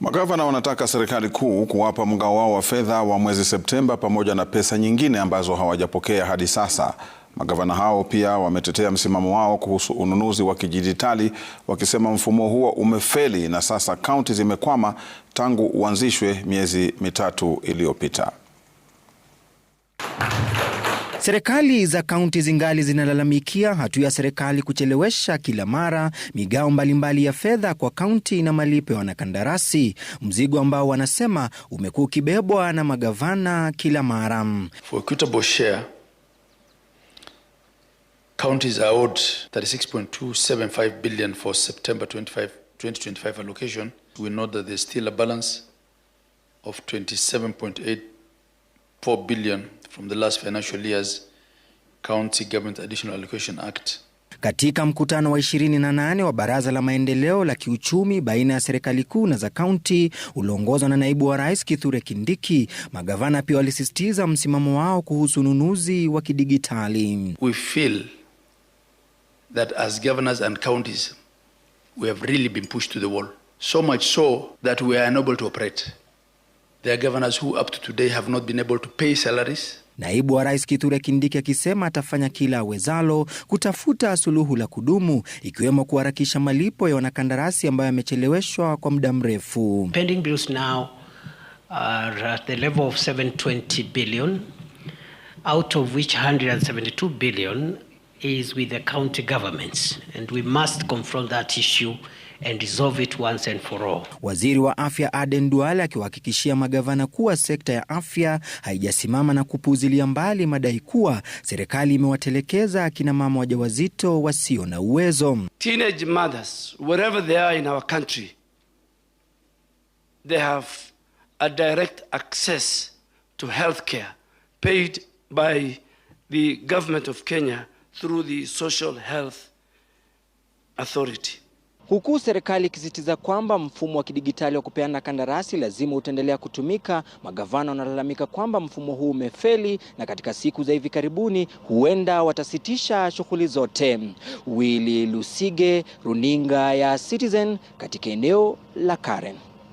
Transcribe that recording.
Magavana wanataka serikali kuu kuwapa mgao wao wa fedha wa mwezi Septemba pamoja na pesa nyingine ambazo hawajapokea hadi sasa. Magavana hao pia wametetea msimamo wao kuhusu ununuzi wa kidijitali wakisema mfumo huo umefeli na sasa kaunti zimekwama tangu uanzishwe miezi mitatu iliyopita. Serikali za kaunti zingali zinalalamikia hatua ya serikali kuchelewesha kila mara migao mbalimbali ya fedha kwa kaunti na malipo ya wanakandarasi, mzigo ambao wanasema umekuwa ukibebwa na magavana kila mara. For equitable share, counties are owed 36.275 billion for September 25, 2025 allocation. We that there's still a balance of 27.8 4 billion from the last financial year's County Government Additional Allocation Act. Katika mkutano wa 28 wa Baraza la Maendeleo la Kiuchumi baina ya serikali kuu na za kaunti ulioongozwa na naibu wa rais Kithure Kindiki, magavana pia walisisitiza msimamo wao kuhusu ununuzi wa kidigitali. We feel that as governors and counties we have really been pushed to the wall so much so that we are unable to operate Their governors who up to today have not been able to pay salaries. Naibu wa Rais Kithure Kindiki akisema atafanya kila awezalo kutafuta suluhu la kudumu ikiwemo kuharakisha malipo ya wanakandarasi ambayo yamecheleweshwa kwa muda mrefu. Pending bills now are at the level of 720 billion out of which 172 billion is with the county governments and we must confront that issue and resolve it once and for all. Waziri wa Afya Aden Duale akiwahakikishia magavana kuwa sekta ya afya haijasimama na kupuuzilia mbali madai kuwa serikali imewatelekeza akina mama wajawazito wasio na uwezo. Teenage mothers wherever they are in our country they have a direct access to healthcare paid by the government of Kenya through the Social Health Authority. Huku serikali ikisitiza kwamba mfumo wa kidigitali wa kupeana kandarasi lazima utaendelea kutumika, magavana wanalalamika kwamba mfumo huu umefeli na katika siku za hivi karibuni huenda watasitisha shughuli zote. Willy Lusige, runinga ya Citizen katika eneo la Karen.